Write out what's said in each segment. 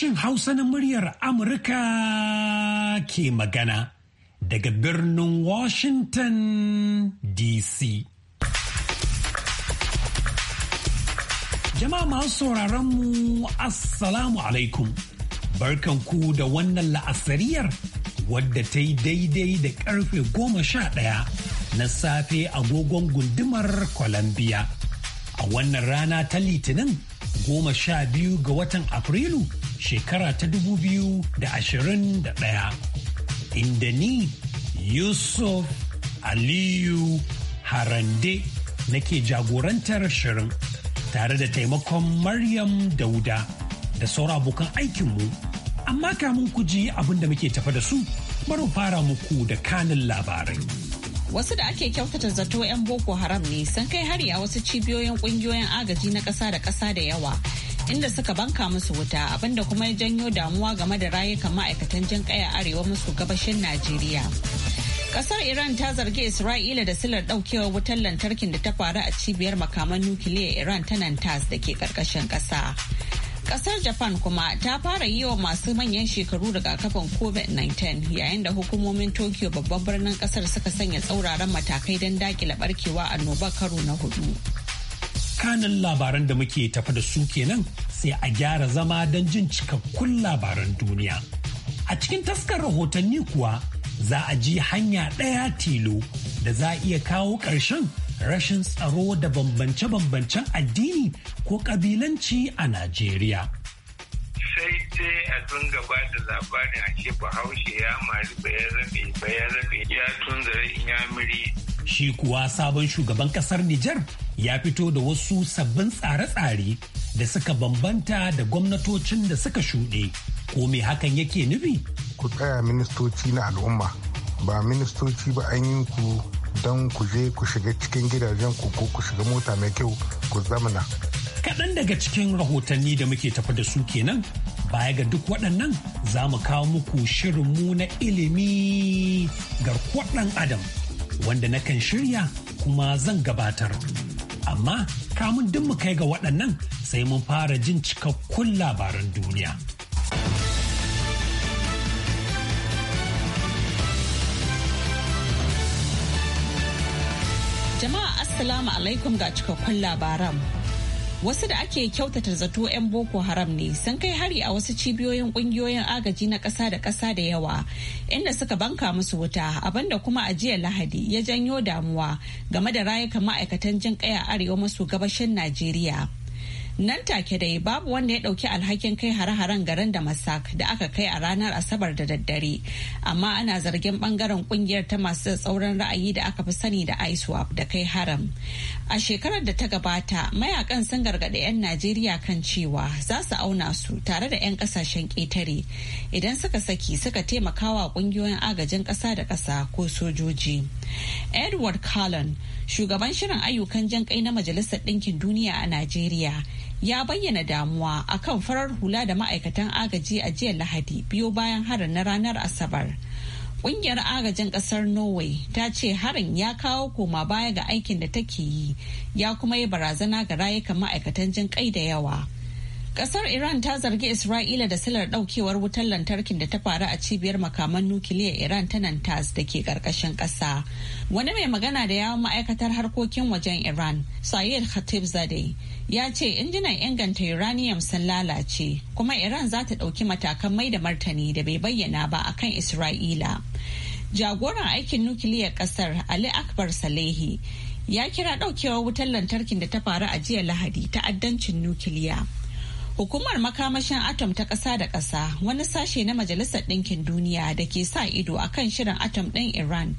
Sashen Hausa na muryar Amurka ke magana daga birnin Washington DC. Jama'a masu sauraron mu Assalamu alaikum. Barkanku da wannan la'asariyar wadda ta yi daidai da karfe goma sha ɗaya na safe agogon gundumar Columbia. A wannan rana ta Litinin goma sha biyu ga watan Afrilu shekara ta dubu biyu da da ashirin 2021 inda ni Yusuf Aliyu Harande nake jagorantar shirin tare da taimakon Maryam Dauda da sauran abokan aikinmu. Amma kamun ku ji abin da muke tafa da su, bari fara muku da kanin labarai. Wasu da ake kyautata zato 'yan Boko Haram ne sun kai hari a wasu cibiyoyin ƙungiyoyin agaji na ƙasa da ƙasa da yawa inda suka banka musu wuta abinda kuma ya janyo damuwa game da rayukan ma'aikatan jin kaya arewa musu gabashin Najeriya. Kasar Iran ta zargi Isra'ila da silar daukewa wutar lantarkin da ta faru a cibiyar makaman nukiliya Iran ta tas da ke karkashin kasa. Kasar Japan kuma ta fara yi wa masu manyan shekaru daga kafin COVID-19 yayin da hukumomin Tokyo babban birnin kasar suka sanya tsauraran matakai don dakile barkewa annobar karo na hudu. kanan labaran da muke tafa da su kenan sai a gyara zama don jin cikakkun labaran duniya. A cikin taskar rahotanni kuwa za a ji hanya ɗaya tilo da za a iya kawo ƙarshen rashin tsaro da bambance-bambancen addini ko ƙabilanci a Najeriya. Sai dai a tun gaba da labarin a ce bahaushe ya mari bayan rabe bayan rabe ya tunzara inyamiri Shi kuwa sabon shugaban kasar Nijar ya fito da wasu sabbin tsare-tsare da suka bambanta da gwamnatocin da suka shuɗe. Ko me hakan yake nufi? Ku tsaya ministoci na al'umma, ba ministoci ba an yi ku don ku je ku shiga cikin gidajen ku ko ku shiga mota mai kyau ku zamana. Kaɗan daga cikin rahotanni da muke tafi da su kenan baya ga duk waɗannan za mu kawo muku shirinmu na ilimi garkuwar ɗan adam wanda nakan shirya kuma zan gabatar. Amma kamun duk mu kai ga waɗannan sai mun fara jin cikakkun labaran duniya. Jama'a Assalamu alaikum ga cikakkun labaran. wasu da ake kyautata zato 'yan boko haram ne sun kai hari a wasu cibiyoyin kungiyoyin agaji na ƙasa da ƙasa da yawa inda suka banka musu wuta abinda kuma a jiya lahadi ya janyo damuwa game da rayuka ma'aikatan jin ƙaya arewa maso gabashin najeriya nan take dai babu wanda ya dauki alhakin kai hare-haren garin da masak da aka kai a ranar asabar da daddare amma ana zargin bangaren kungiyar ta masu tsauran ra'ayi da aka fi sani da iswap da kai haram a shekarar da ta gabata mayakan sun gargaɗi 'yan najeriya kan cewa za su auna su tare da 'yan kasashen ƙetare idan suka saki suka taimakawa ƙungiyoyin agajin ƙasa da ƙasa ko sojoji edward cullen shugaban shirin ayyukan jan kai na majalisar ɗinkin duniya a najeriya ya bayyana damuwa akan farar hula da ma'aikatan agaji a jiya lahadi biyo bayan harin na ranar asabar kungiyar agajin kasar norway ta ce harin ya kawo koma baya ga aikin da take yi ya kuma yi barazana ga rayukan ma'aikatan jin kai da yawa Kasar Iran ta zargi Isra'ila da silar daukewar wutar lantarkin da ta faru a cibiyar makaman nukiliya Iran ta nan tas da ke karkashin ƙasa. Wani mai magana da yawon ma'aikatar harkokin wajen Iran, Sayed Khatib Zadeh, ya ce injinan inganta uranium sun lalace kuma Iran za ta ɗauki matakan mai da martani da bai bayyana ba akan Isra'ila. Jagoran aikin nukiliyar ƙasar Ali Akbar Salehi ya kira ɗaukewar wutar lantarkin da ta faru a jiya Lahadi ta'addancin nukiliya. Hukumar makamashin atom ta ƙasa da ƙasa wani sashe na Majalisar Ɗinkin Duniya da ke sa ido a kan shirin atom ɗin Iran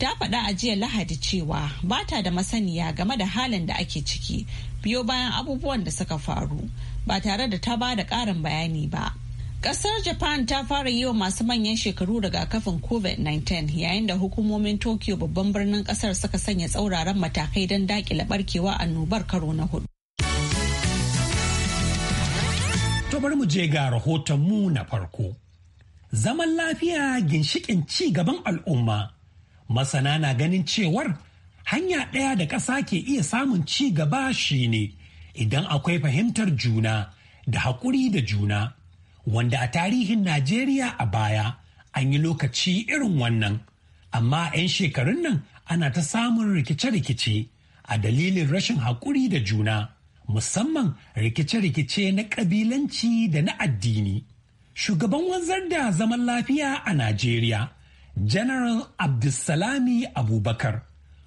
ta faɗa a jiya Lahadi cewa ba ta da masaniya game da halin da ake ciki biyo bayan abubuwan da suka faru ba tare da ta ba da ƙarin bayani ba. Ƙasar Japan ta fara yi wa masu manyan shekaru daga kafin COVID-19 yayin da hukumomin Tokyo babban birnin ƙasar suka sanya tsauraran matakai don daƙile barkewa annobar karo na hudu. To bari mu je ga rahoton mu na farko. Zaman lafiya ginshikin ci gaban al'umma. Masana na ganin cewar hanya ɗaya da ƙasa ke iya samun ci gaba shine idan akwai fahimtar juna da haƙuri da juna. Wanda a tarihin Najeriya a baya an yi lokaci irin wannan, amma 'yan shekarun nan ana ta samun rikice-rikice a dalilin rashin haƙuri da juna. musamman rikice-rikice na ƙabilanci da na addini. Shugaban wanzar da zaman lafiya a Najeriya, General Abdulsalami Abubakar,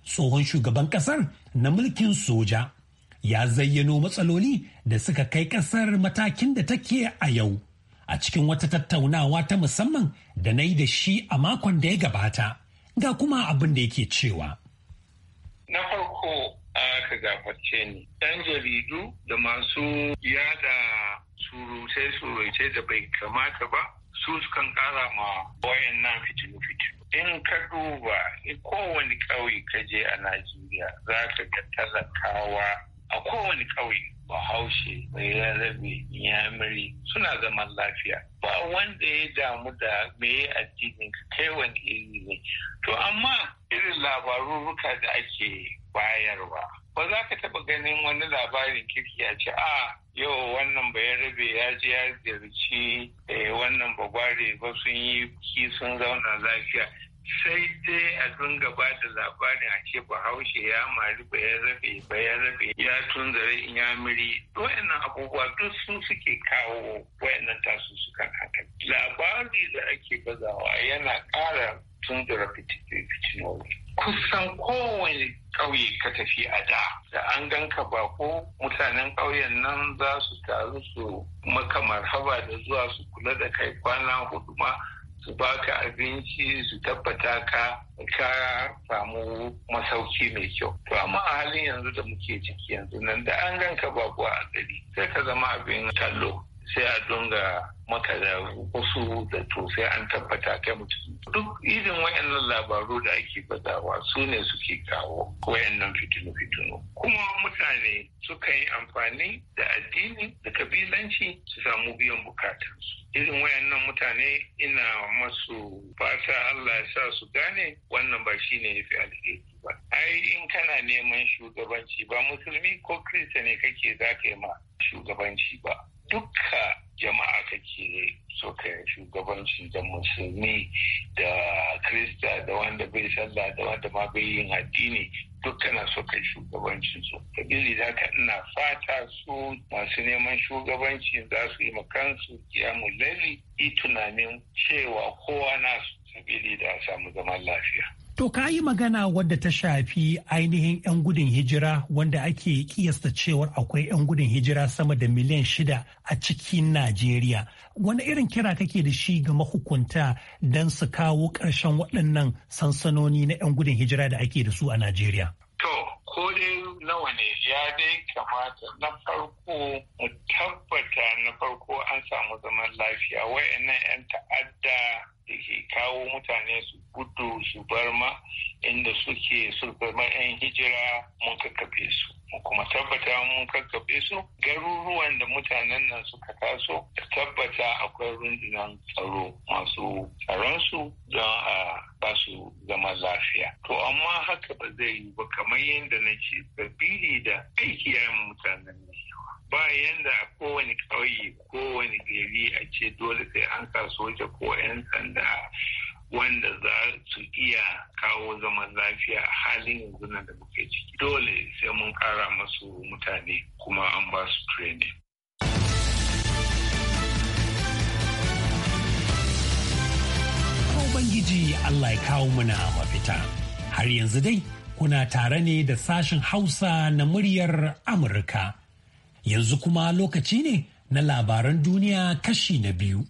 tsohon shugaban ƙasar na mulkin soja, ya zayyano matsaloli da suka kai ƙasar matakin da take a yau. A cikin wata tattaunawa ta musamman da na yi da shi a makon da ya gabata, ga kuma abin da yake cewa. Na farko aka gafarce ni yan jaridu da masu yada surutai surutai da bai kamata ba su sukan kara ma Wayanna fitilu fitilu in ka duba in kowane ƙauye ka je a najeriya za ka ga talakawa a kowane ƙauye bahaushe mai larabe yamiri suna zaman lafiya ba wanda ya damu da meye addinin kai wani iri ne to amma irin labarurruka da ake bayarwa ba za ka taba ganin wani labarin kirki a ce a yau wannan bayan rabe ya ji ya ziyarci eh, wannan bagware ba sun yi ki sun zauna lafiya sai dai a dinga ba da labarin a ce bahaushe ya mari ya rabe rabe sun zare inyamiri wayannan abubuwa duk su suke kawo wayannan tasu suka haka labari da ake bazawa yana ƙara tunzura fitinoli kusan kowane ƙauye ka tafi a da da an ka ba ko mutanen ƙauyen nan za su taru su maka marhaba da zuwa su kula da kai kwana hudu ma su baka abinci su tabbata ka ka samu masauki mai kyau to amma a halin yanzu da muke ciki yanzu nan da an ganka babu a gari sai ka zama abin kallo sai a dunga maka da wasu da to sai an tabbata kai mutum duk irin wayannan labaru da ake bazawa su ne suke kawo wayannan fitinu fitinu kuma mutane suka yi amfani da addini da kabilanci su samu biyan bukatansu irin wayannan mutane ina masu fata Allah ya sa su gane wannan ba shi ne yafi alheri ba ai in kana neman shugabanci ba musulmi ko kirista ne kake za ka yi ma shugabanci ba dukka jama'a kake so ka shugabanci da musulmi da krista da wanda bai sallah da wanda ma bai yin addini na so ka shugabancin su sabili da ka ina fata su masu neman shugabanci za su yi makansu ya mulali yi tunanin cewa kowa su sabili da a samu zaman lafiya To ka yi magana wadda ta shafi ainihin 'yan gudun hijira wanda ake kiyasta cewar akwai 'yan gudun hijira sama da miliyan shida a cikin Najeriya. Wani irin kira kake da shi ga mahukunta don su kawo ƙarshen waɗannan sansanoni na 'yan gudun hijira da ake da su a Najeriya? To, ko dai nawa ne ya dai kamata na farko mu tabbata na farko an samu zaman lafiya wayannan 'yan ta'adda Kawo mutane su gudu su bar ma inda suke su bar 'yan hijira mun kakkafe su kuma tabbata mun kakkafe su garuruwan da mutanen nan suka taso da tabbata akwai rundunan tsaro masu tsaronsu don a ba su zama lafiya to amma haka ba zai yi ba kamar yadda na ce sabili da aiki ya mutanen nan ba yanda a kowane ƙauye kowane gari a ce dole sai an soja ko 'yan sanda wanda za su iya kawo zaman lafiya a halin yanzu nan da muke ciki dole sai mun kara masu mutane kuma an ba su training Ubangiji Allah ya kawo mana mafita. Har yanzu dai kuna tare ne da sashen Hausa na muryar Amurka. Yanzu kuma lokaci ne na labaran duniya kashi na biyu.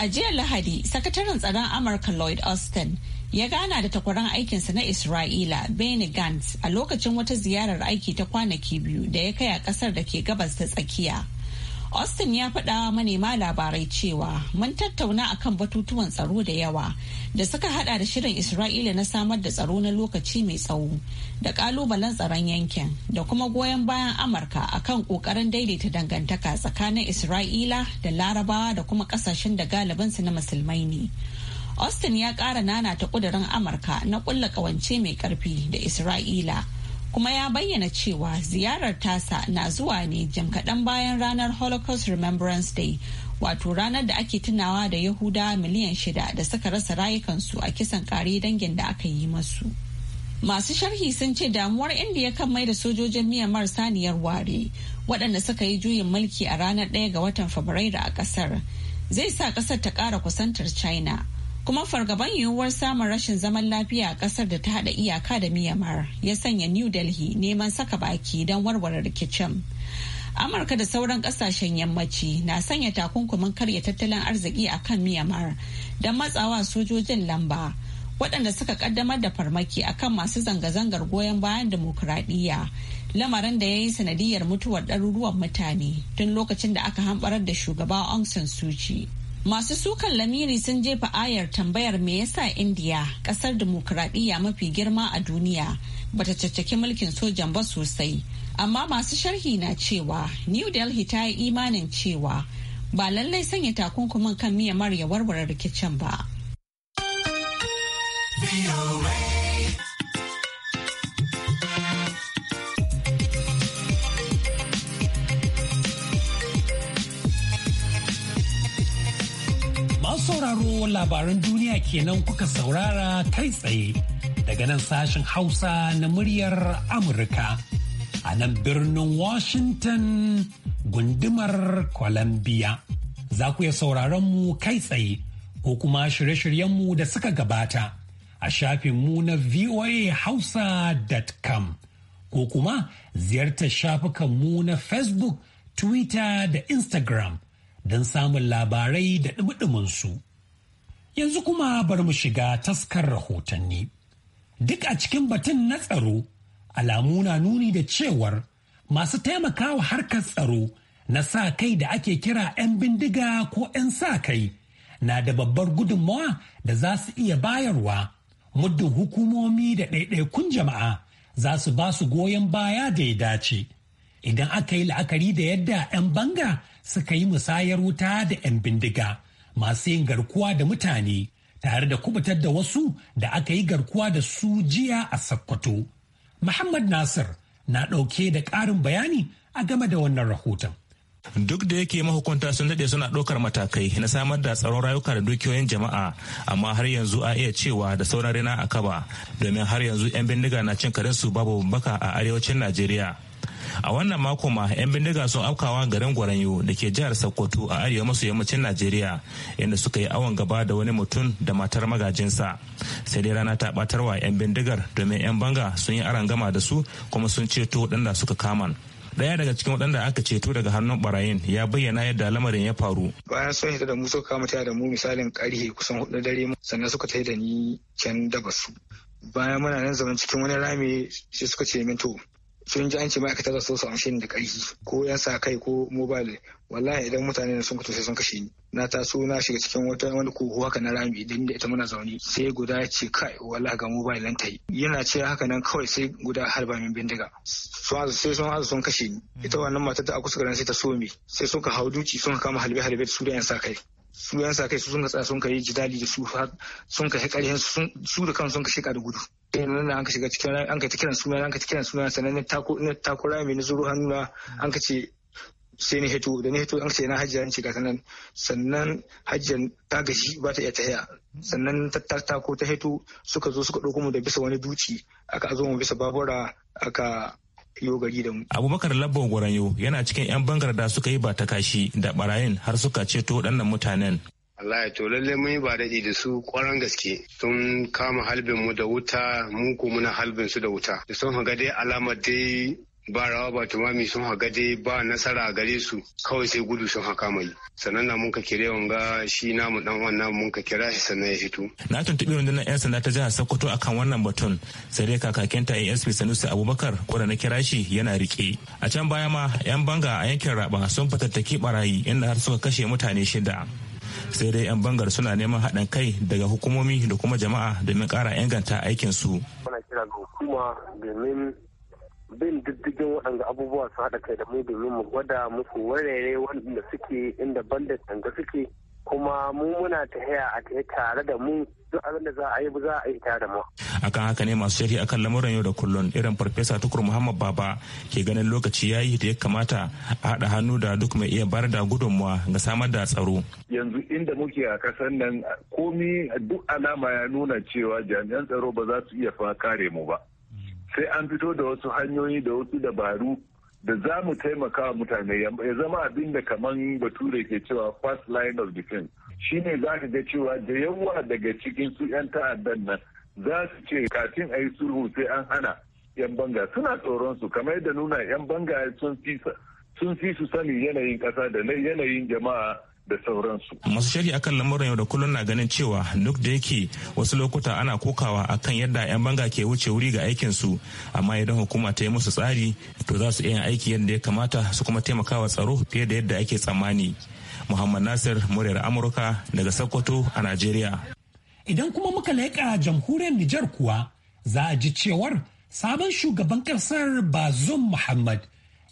A jiya Lahadi, Sakataren Tsaron Amurka Lloyd Austin ya gana da takwaran aikinsa na Isra'ila Benny Gantz a lokacin wata ziyarar aiki ta kwanaki biyu da ya kai a kasar da ke gabas ta tsakiya. Austin ya faɗa manema labarai cewa mun tattauna akan batutuwan tsaro da yawa da suka hada da shirin Isra'ila na samar da tsaro na lokaci mai tsawo da kalubalen tsaron yankin da kuma goyon bayan Amurka a kan kokarin daidaita dangantaka tsakanin Isra'ila da Larabawa da kuma kasashen da galibinsu na musulmai ne. Austin ya ƙara nana ta ƙudurin Amurka na ƙulla ƙawance mai ƙarfi da Isra'ila. kuma ya bayyana cewa ziyarar tasa na zuwa ne jim kaɗan bayan ranar holocaust remembrance day wato ranar da ake tunawa da yahuda miliyan shida da suka rasa rayukansu a kisan kare dangin da aka yi masu masu sharhi sun ce damuwar indiya kan mai da sojojin miyamar saniyar ware waɗanda suka yi juyin mulki a ranar ɗaya ga watan fabrairu a ƙasar zai sa ƙasar ta ƙara kusantar china kuma fargaban yiwuwar samun rashin zaman lafiya a kasar da ta hada iyaka da miyamar ya sanya new delhi neman saka baki don warware rikicin amurka da sauran kasashen yammaci na sanya takunkumin karya tattalin arziki a kan miyamar don matsawa sojojin lamba waɗanda suka kaddamar da farmaki akan masu zanga-zangar goyon bayan demokuraɗiyya lamarin da ya yi sanadiyar mutuwar ɗaruruwan mutane tun lokacin da aka hambarar da shugaba Aung San Suu Masu sukan lamiri sun jefa ayar tambayar me yasa Indiya, kasar demokradiyya mafi girma a duniya, bata caccaki mulkin sojan ba sosai. Amma masu sharhi na cewa New Delhi ta yi imanin cewa ba lallai sanya takunkumin kan miyamar ya warware rikicin ba. sauraro labaran duniya kenan kuka saurara kai tsaye daga nan sashen Hausa na muryar Amurka a nan birnin Washington gundumar Columbia. Za ku iya sauraron mu kai tsaye ko kuma shirye-shiryenmu da suka gabata a shafinmu na voahausa.com ko kuma ziyartar shafukanmu na Facebook, Twitter da Instagram. don samun labarai da ɗumi su Yanzu kuma bari mu shiga taskar rahotanni. Duk a cikin batun na tsaro, alamu na nuni da cewar masu taimakawa harkar tsaro na sa kai da ake kira 'yan bindiga ko 'yan sa kai na da babbar gudunmawa da za su iya bayarwa muddin hukumomi da ɗaiɗaikun jama'a za su ba su goyon baya da ya dace. Idan aka yi la'akari da yadda 'yan banga suka yi musayar wuta da 'yan bindiga. masu yin garkuwa da mutane tare da kubutar da wasu da aka yi garkuwa da su jiya a Sakkwato. Muhammad Nasir na ɗauke da ƙarin bayani a game da wannan rahoton. Duk da yake mahukunta sun daɗe suna ɗaukar matakai na samar da tsaron rayuka da dukiyoyin jama'a amma har yanzu a iya cewa da sauran rina a kaba domin har yanzu 'yan bindiga na cin karinsu babu baka a arewacin Najeriya. a wannan mako ma 'yan bindiga sun afkawa garin gwaranyo da ke jihar sokoto a arewa maso yammacin najeriya inda suka yi awon gaba da wani mutum da matar magajinsa sai dai rana ta batarwa 'yan bindigar domin 'yan banga sun yi gama da su kuma sun ceto waɗanda suka kaman daya daga cikin waɗanda aka ceto daga hannun barayin ya bayyana yadda lamarin ya faru. Bayan sun hita da mu suka kama da mu misalin karhe kusan hudu dare sannan suka tai da ni can da basu. Bayan muna nan zaman cikin wani rami sai suka ce min to sun ji an ce ma'aikata za su su amshe da ƙarfi ko yan sa kai ko mobile wallahi idan mutane sun fito sai sun kashe ni na taso na shiga cikin wata wani ko haka na rami idan da ita muna zaune sai guda ce kai wallahi ga mobile nan yi. yana ce haka nan kawai sai guda harba min bindiga sai sun hazu sun kashe ni ita wannan matar da aka suka sai ta so me sai suka hau duci sun kama halbe halbe da su da yan sa kai su yan sa kai su sun tsaya sun kai jidali da su har sun kai ƙarfin su da kansu sun ka shiga da gudu sai eh, nan an ka shiga cikin an ka ta kiran suna an ka ta kiran suna sannan na tako na tako rai na nazuru hannu an ka ce sai ni hito da ni hito an ce na hajjiya ce ga sanan sannan hajjiyan ta gashi ba ta iya tahiya sannan ta tako ta hito suka zo suka ɗauko mu da bisa wani duci aka zo mu bisa babura aka yo gari da mu. Abubakar Labban Gwaranyo yana cikin 'yan bangar da suka yi ba ta kashi da barayin har suka ceto waɗannan mutanen. Allah ya to lalle mun yi ba daɗi da su ƙwaran gaske sun kama halbin mu da wuta mu ko muna halbin su da wuta. Da sun haga dai alamar dai ba rawa ba tumami sun haka dai ba nasara a gare su kawai sai gudu sun haka mai sannan na mun ka kire wanga shi mu dan wannan mun ka kira shi sannan ya fito na tuntubi rundunar yan sanda ta jihar Sokoto akan wannan batun sai dai ta ASP Sanusi Abubakar ko na kira shi yana rike a can baya ma yan banga a yankin Raba sun fatattaki barayi inda har suka kashe mutane shida sai dai 'yan bangar suna neman haɗin kai daga hukumomi da kuma jama'a domin ƙara inganta aikinsu. Muna bin diddigin waɗanda abubuwa su haɗa kai da mu domin mu gwada muku warere waɗanda suke inda bandit ɗanga suke kuma mu muna tahiya a tare da mu duk abin da za a yi za a yi tare da mu. Akan haka ne masu sharhi akan lamuran yau da kullun irin farfesa tukur Muhammad Baba ke ganin lokaci ya yi da ya kamata a haɗa hannu da duk mai iya bayar da gudunmuwa ga samar da tsaro. Yanzu inda muke a kasar nan komi duk alama ya nuna cewa jami'an tsaro ba za su iya fa kare mu ba. sai an fito da wasu hanyoyi da wasu dabaru da za mu taimaka wa mutane ya zama abin da kaman bature ke cewa first line of defense ne za ka ga cewa da yawa daga cikin su 'yan ta'addan nan za su ce kafin a yi sulhu sai an hana 'yan banga suna tsoron su kamar yadda nuna 'yan banga sun fi su sani yanayin ƙasa da yanayin jama'a da sauransu. Masu shari'a akan lamuran yau da kullum na ganin cewa duk da yake wasu lokuta ana kokawa akan yadda 'yan banga ke wuce wuri ga aikin su amma idan hukuma ta yi musu tsari to za su iya aiki yadda ya kamata su kuma taimakawa tsaro fiye da yadda ake tsammani. Muhammad Nasir muryar Amurka daga Sokoto a Najeriya. Idan kuma muka leƙa jamhuriyar Nijar kuwa za a ji cewar sabon shugaban ƙasar Bazoum Muhammad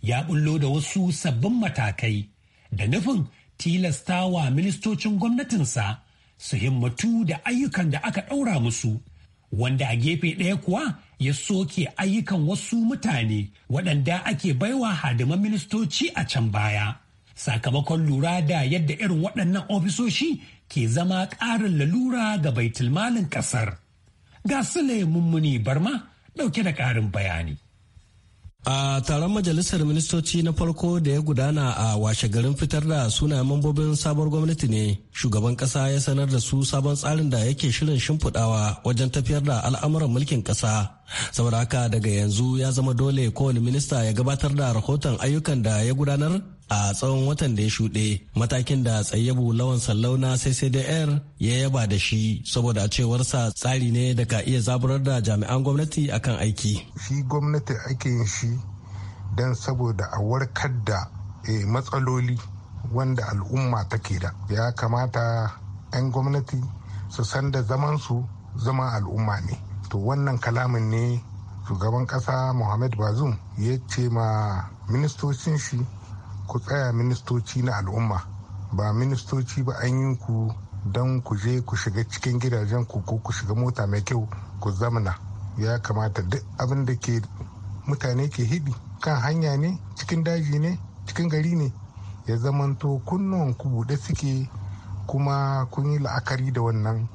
ya bullo da wasu sabbin matakai da nufin Tilasta wa ministocin gwamnatinsa su himmatu da ayyukan da aka ɗaura musu wanda a gefe ɗaya kuwa ya soke ayyukan wasu mutane waɗanda ake baiwa hadiman ministoci a can baya sakamakon lura da yadda irin waɗannan ofisoshi ke zama ƙarin lalura ga baitulmalin ƙasar ga su mummuni barma ɗauke da ƙarin bayani a taron majalisar ministoci na farko da ya gudana a washe garin fitar da sunayen mambobin sabuwar gwamnati ne shugaban kasa ya sanar da su sabon tsarin da yake shirin shimfiɗawa wajen tafiyar da al'amuran mulkin kasa saboda haka daga yanzu ya zama dole kowane minista ya gabatar da rahoton ayyukan da ya gudanar a tsawon watan da ya shuɗe matakin da tsayyabu lawan sallauna yar ya yaba da shi saboda a cewarsa tsari ne da ka iya zaburar da jami'an gwamnati akan aiki shi gwamnati ake yin shi don saboda a warkar da eh, matsaloli wanda al'umma take da ya kamata 'yan gwamnati su san da zaman su zama al'umma ne to wannan kalamin ne shugaban kasa muhammad bazum ya ce ma ministocin shi ku tsaya ministoci na al'umma ba ministoci ba an yi ku don ku je ku shiga cikin gidajen ku ko ku shiga mota mai kyau ku zamana ya kamata duk abin da ke mutane ke hidi kan hanya ne cikin daji ne cikin gari ne ya zamanto kunnuwan ku buɗe suke kuma kun yi la'akari da wannan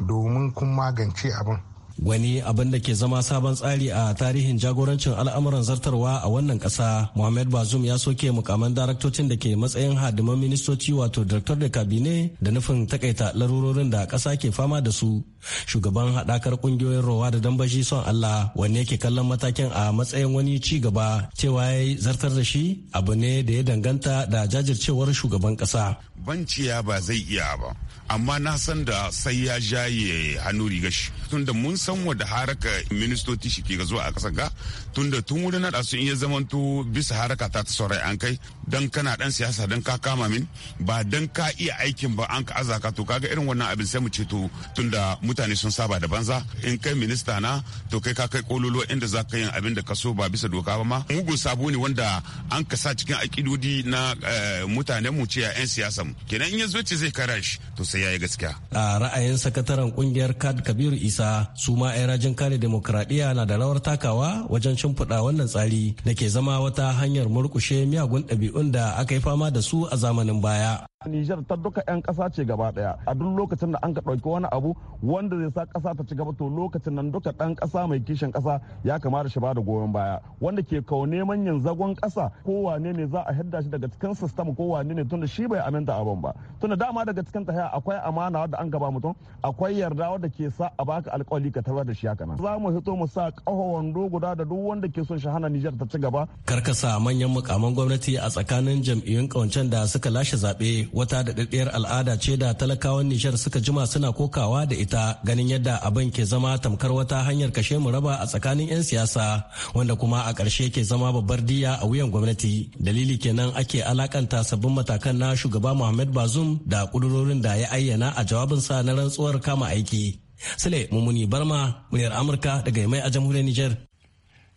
domin kun magance abin wani abin da ke zama sabon tsari a tarihin jagorancin al'amuran zartarwa a wannan ƙasa muhammad bazum ya soke mukaman daraktocin da ke matsayin hadiman ministoci wato director da kabine da nufin takaita larurorin da ƙasa ke fama da su shugaban haɗakar ƙungiyoyin rowa da dambashi son allah wani yake kallon matakin a matsayin wani ci gaba cewa ya zartar da shi abu ne da ya danganta da jajircewar shugaban ƙasa banciya ba zai iya ba amma na san da sai ya jaye hannu riga shi tunda mun san da haraka ministoci shi ke zuwa a kasar ga tunda tun na naɗa su in ya zamanto bisa haraka ta ta saurai an kai dan kana dan siyasa dan ka kama min ba dan ka iya aikin ba an ka azaka to kaga irin wannan abin sai mu ce to tunda mutane sun saba da banza in kai minista na to kai ka kai kololo inda za ka yin abin da ka so ba bisa doka ba ma mugun sabo ne wanda an ka sa cikin akidodi na eh, mutanen mu ce 'yan siyasa kenan in ya zo ce zai kara shi to sai yayi gaskiya a ra'ayin sakataren kungiyar kad kabiru isa su ma rajin kare demokradiyya na da rawar takawa wajen shimfiɗa wannan tsari da ke zama wata hanyar murkushe miyagun ɗabi'un da aka yi fama da su a zamanin baya Nijar ta duka 'yan kasa ce gaba ɗaya a duk lokacin da an ka ɗauki wani abu wanda zai sa kasa ta ci gaba to lokacin nan duka ɗan kasa mai kishin kasa ya kamata shi bada goyon baya wanda ke kawo neman yin zagon kasa ko wane ne za a hidda shi daga cikin sistem ko wane ne tunda shi bai aminta abin ba tunda dama daga cikin ta akwai amana da an gaba mutum akwai yarda wanda ke sa a baka alƙawari ka tabbatar da shi haka nan za mu hito mu sa ƙaho wando guda da duk wanda ke son shi hana Nijar ta ci gaba karkasa manyan mukaman gwamnati a tsakanin jam'iyyun kawancen da suka lashe zaɓe wata daɗaɗɗiyar al'ada ce da talakawan Nijar suka jima suna kokawa da ita ganin yadda abin ke zama tamkar wata hanyar kashe mu raba a tsakanin 'yan siyasa wanda kuma a ƙarshe ke zama babbar diya a wuyan gwamnati. Dalili kenan ake alakanta sabbin matakan na shugaba Muhammad bazum da ƙudurorin da ya ayyana a jawabinsa na rantsuwar kama aiki. Sule Mumuni Barma, muryar Amurka daga mai a jamhuriyar Nijar.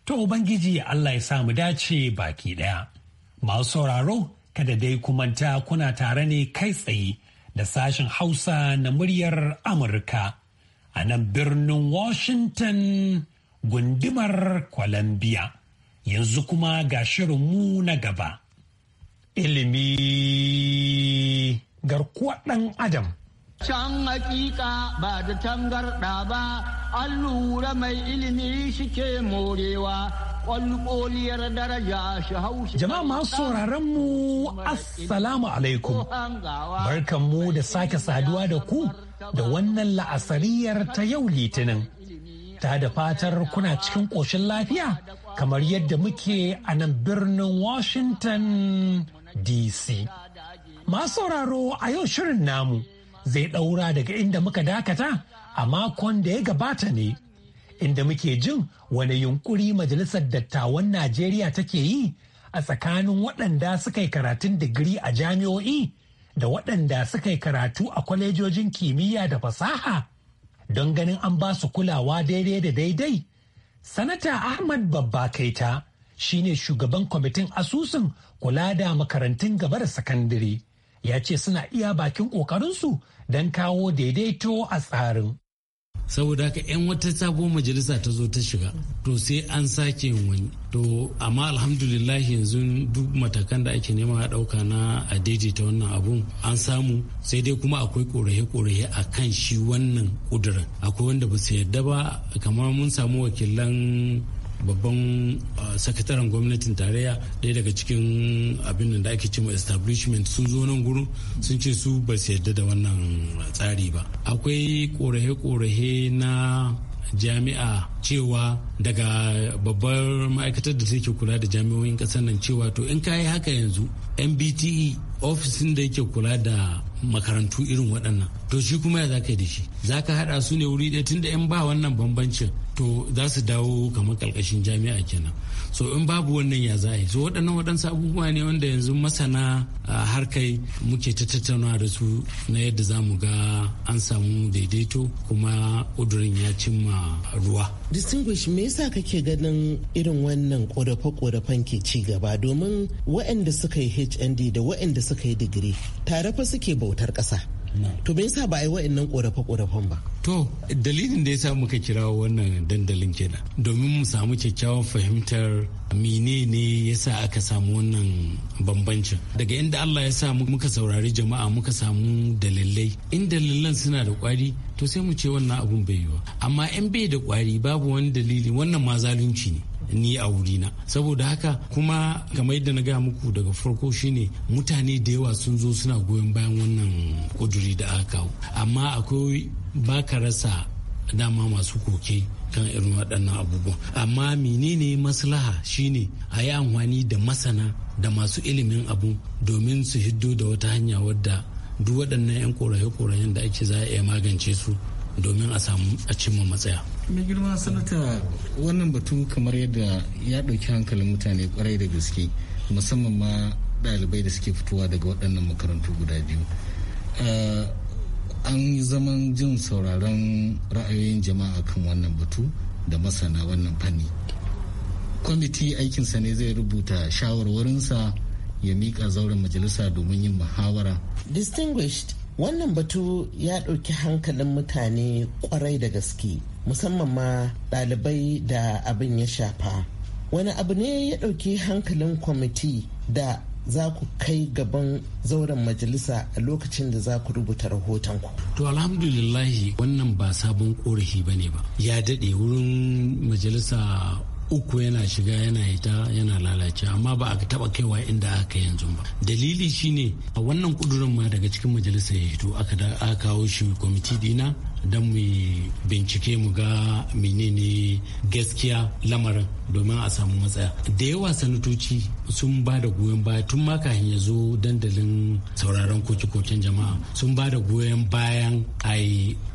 To Ubangiji Allah ya mu dace baki ɗaya. Masu sauraro Kada dai kumanta kuna tare ne kai tsaye da sashen Hausa na muryar Amurka a nan birnin Washington gundumar Columbia. Yanzu kuma ga shirinmu na gaba. Ilimi garkuwa dan Adam. Can hakika ba da tangarɗa ba, an lura mai ilimi shike morewa daraja Jama'a masu sauraron mu Assalamu alaikum. Barkan mu da sake saduwa da ku da wannan la'asariyar ta yau litinin. Ta da fatar kuna cikin ƙoshin lafiya kamar yadda muke a nan birnin Washington DC. Masu sauraro a yau shirin namu zai ɗaura daga inda muka dakata a makon da ya gabata ne. inda muke jin wani yunkuri majalisar dattawan Najeriya take yi a tsakanin waɗanda suka yi karatun digiri a jami'o'i da waɗanda suka yi karatu a kwalejojin kimiyya da fasaha don ganin an ba su kulawa daidai da daidai. Sanata Ahmad Babba Kaita ne shugaban kwamitin asusun kula da makarantun gaba da sakandare. Ya ce suna iya bakin ƙoƙarinsu don kawo daidaito a tsarin. saboda haka yan wata sabuwar majalisa ta zo ta shiga to sai an sake wani to amma alhamdulillah yanzu duk matakan da ake nema a dauka na a daidaita wannan abun an samu sai dai kuma akwai korahe-korahe a kan shi wannan kudurin akwai wanda ba su yarda ba kamar mun samu wakilan babban ah, sakataren gwamnatin tarayya ɗaya daga cikin abin da ake cewa establishment sun zo nan gurin sun ce su ba su yarda da wannan tsari ba akwai korahe-korahe na jami'a cewa daga babbar ma'aikatar da take kula da jami'o'in kasar nan cewa to in kayi haka yanzu mbte ofisin da yake kula da makarantu irin waɗannan to shi kuma ya zaka da shi za ka haɗa su ne wuri ɗaya da in ba wannan bambancin to za su dawo kamar kalkashin jami'a kenan so in babu wannan ya za yi so waɗannan waɗansu abubuwa ne wanda yanzu masana har kai muke ta tattauna da su na yadda za mu ga an samu daidaito kuma ƙudurin ya cimma ruwa distinguish me yasa kake ganin irin wannan ƙorafe-ƙorafen ke ci gaba domin waɗanda suka yi hnd da waɗanda suka yi digiri tare fa suke bautar ƙasa to me yasa ba a yi wa'annan korafe-korafen ba to dalilin da yasa muka kira wannan dandalin kenan domin mu samu kyakkyawan fahimtar mine ne yasa aka samu wannan bambancin daga inda Allah ya sa muka saurari jama'a muka samu dalilai in dalilan suna da kwari to sai mu ce wannan abun bai yiwa amma in bai da kwari babu wani dalili wannan ma zalunci ne ni a wurina saboda haka kuma kamar yadda na gaya muku daga farko shine mutane da yawa sun zo suna goyon bayan wannan kuduri da aka kawo amma akwai baka rasa dama masu koke kan irin waɗannan abubuwa amma menene maslaha shine a yi amfani da masana da masu ilimin abu domin su hiddo da wata hanya wadda duk waɗannan 'yan koraye-korayen da ake za a iya magance su domin a samu a cimma matsaya mai girma sanata wannan batu kamar yadda ya ɗauki hankalin mutane kwarai da gaske musamman ma ɗalibai da suke fitowa daga waɗannan makarantu guda biyu eh, an yi zaman jin sauraron ra'ayoyin jama'a kan wannan batu da masana wannan fanni kwamiti aikinsa ne zai rubuta shawarwarinsa ya miƙa zauren majalisa domin yin muhawara distinguished wannan batu ya ɗauki hankalin mutane kwarai da gaske musamman ma ɗalibai da abin ya shafa wani abu ne ya ɗauki hankalin kwamiti da za ku kai gaban zauren majalisa a lokacin da za ku rubuta rahoton ku. To alhamdulillahi wannan ba sabon korafi ba ne ba. Ya daɗe wurin majalisa uku yana shiga yana hita yana lalace amma ba a taba kaiwa inda aka yanzu ba dalili shine a wannan kudurin ma daga cikin majalisar ya hito aka kawo shi kwamiti dina don mu bincike mu ga menene gaskiya lamarin domin a samu matsaya da yawa sanatoci sun ba da goyon baya tun ma kafin ya zo dandalin sauraron koke-koken jama'a sun ba da goyon bayan a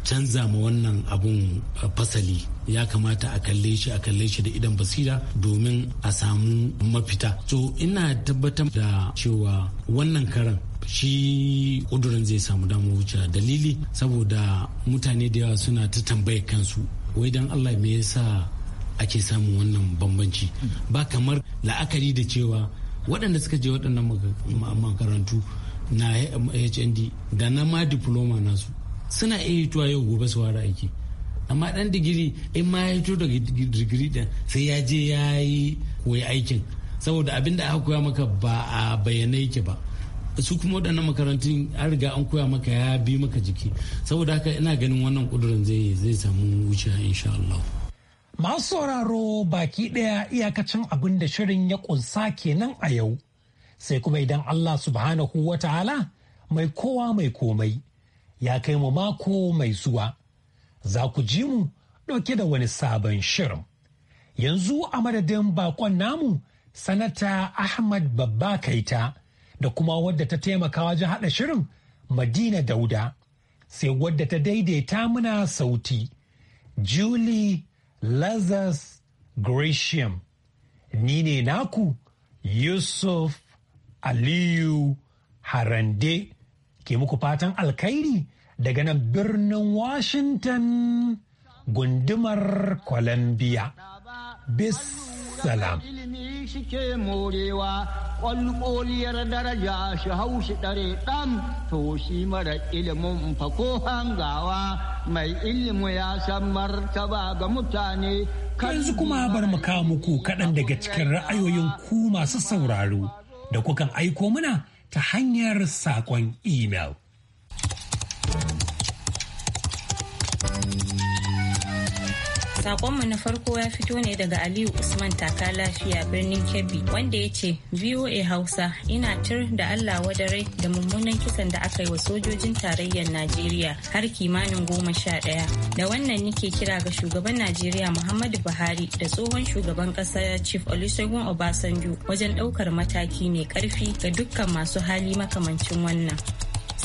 canza ma wannan abun uh, fasali ya kamata a kalle shi a kalle shi da idan basira domin a samu mafita to ina tabbatar da cewa wannan karan shi kuduran zai samu damar wuce dalili saboda mutane da yawa suna ta tambayar kansu wai dan allah me yasa ake samun wannan bambanci ba kamar la'akari da cewa waɗanda suka je waɗannan makarantu na hnd da na ma diploma nasu suna iya tuwa yau gobe su wara aiki amma ɗan digiri in ma ya fito daga digiri ɗin sai ya je ya yi koyi aikin saboda abin da aka koya maka ba a bayyana yake ba su kuma waɗannan makarantun an riga an koya maka ya bi maka jiki saboda haka ina ganin wannan ƙudurin zai zai samu wuce insha Allah masu sauraro baki ɗaya iyakacin abin da shirin ya ƙunsa kenan a yau sai kuma idan Allah subhanahu wa ta'ala mai kowa mai komai ya kai mu mako mai zuwa za ku ji mu ɗauke da wani sabon shirin yanzu a madadin bakon namu sanata ahmad babba kaita da kuma wadda ta taimaka wajen haɗa shirin Madina Dauda, sai wadda ta daidaita muna sauti, Julie Lazarus Gresham, ni ne naku Yusuf Aliyu Harande, ke muku fatan alkhairi daga nan birnin Washington gundumar Columbia. Bis salam. Ilimi shi morewa, ƙwalƙoliyar daraja shi hau shi ɗare ɗan, to shi mara ilimin fa hangawa, mai ilimu ya san martaba ga mutane. Yanzu kuma bar mu kawo muku kaɗan daga cikin ra'ayoyin ku masu sauraro da kukan aiko mana ta hanyar saƙon imel. Sakonmu na farko ya fito ne daga Aliyu Usman Taka Lafiya birnin Kebbi wanda ya ce VOA Hausa ina tir da Allah wadarai da mummunan kisan da aka yi wa sojojin tarayyar Najeriya har kimanin goma sha ɗaya. Da wannan nike kira ga shugaban Najeriya Muhammadu Buhari da tsohon shugaban ƙasa Chief Olusegun Obasanjo wajen ɗaukar mataki mai ƙarfi ga dukkan masu hali makamancin wannan.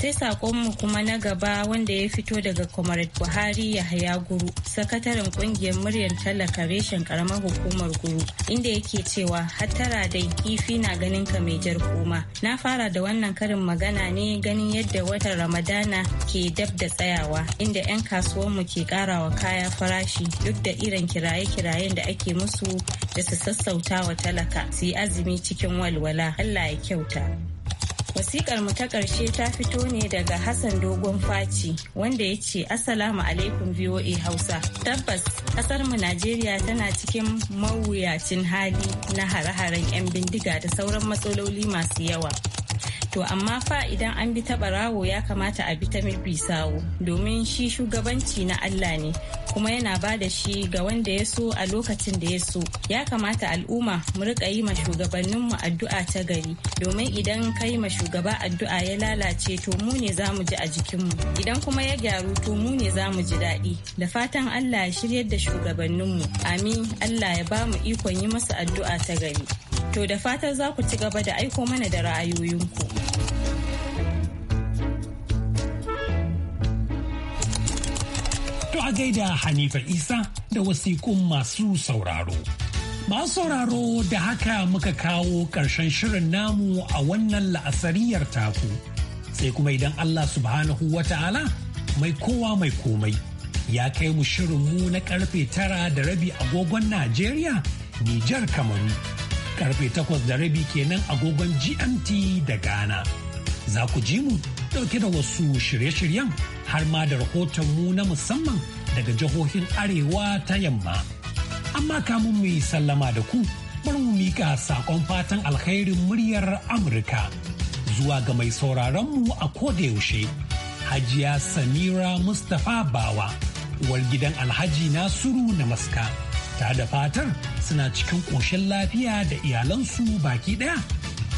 sai saƙonmu kuma na gaba wanda ya fito daga comrade buhari yahaya guru sakataren kungiyar muryar talaka reshen karamar hukumar guru inda yake cewa hatara da kifi na ganin ka mai jar koma na fara da wannan karin magana ne ganin yadda watan ramadana ke dab da tsayawa inda 'yan kasuwanmu ke karawa kaya farashi duk da irin kiraye-kirayen da ake musu da su sassauta wa talaka su yi azumi cikin walwala allah ya kyauta Wasikar mu ta ƙarshe ta fito ne daga Hassan Dogon Faci wanda ya ce Assalamu alaikum VOA Hausa. Tabbas ƙasar mu Najeriya tana cikin mawuyacin hali na hare-haren 'yan bindiga da sauran matsaloli masu yawa. To amma fa idan an bi ta ɓarawo ya kamata a bi ta sawo domin shi shugabanci na Allah ne kuma yana ba da shi ga wanda ya so a lokacin da ya so. Ya kamata al'umma mu rika yi ma shugabanninmu addu'a ta gari domin idan ka yi ma shugaba addu'a ya lalace to mu ne za mu ji a jikinmu idan kuma ya gyaru to mu ne za mu ji daɗi. Da fatan Allah ya shiryar da shugabanninmu. Amin Allah ya ba mu ikon yi masa addu'a ta gari. To da fatan za ku ci gaba da aiko mana da ra'ayoyinku. To a gaida Hanifa Isa da wasiƙun masu sauraro. Masu sauraro da haka muka kawo ƙarshen shirin namu a wannan la'asariyar taku. Sai kuma idan Allah subhanahu wa ta'ala mai kowa mai komai ya kai mu shirin mu na karfe tara da rabi agogon Najeriya, Nijar Kamaru. karfe takwas da rabi kenan agogon GMT da Ghana. Za ku ji mu dauke da wasu shirye-shiryen har ma da rahoton mu na musamman daga jihohin Arewa ta Yamma. Amma kamun mu yi sallama da ku, Bar mu mika sakon fatan alkhairin muryar Amurka zuwa ga mai sauraron mu a yaushe Hajiya Samira Mustapha Bawa, uwar gidan Alhaji Nasiru na Maska. ta da fatar suna cikin ƙoshin lafiya da iyalansu baki ɗaya.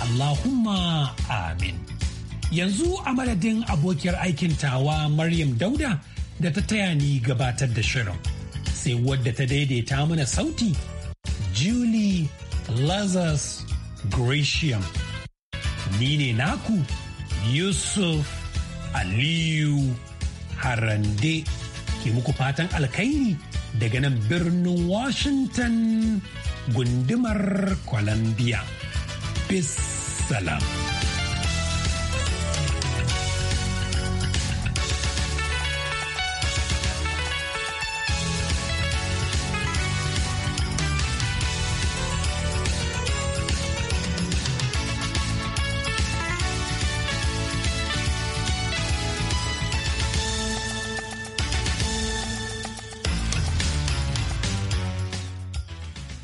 Allahumma amin. Yanzu a madadin abokiyar aikin tawa Maryam Dauda da ta taya ni gabatar da shirin. Sai wadda ta daidaita mana sauti, Julie Lazarus Gratiam. Ni ne naku Yusuf Aliyu Harande ke muku fatan alkhairi. daga nan birnin Washington gundumar Columbia. Peace salam.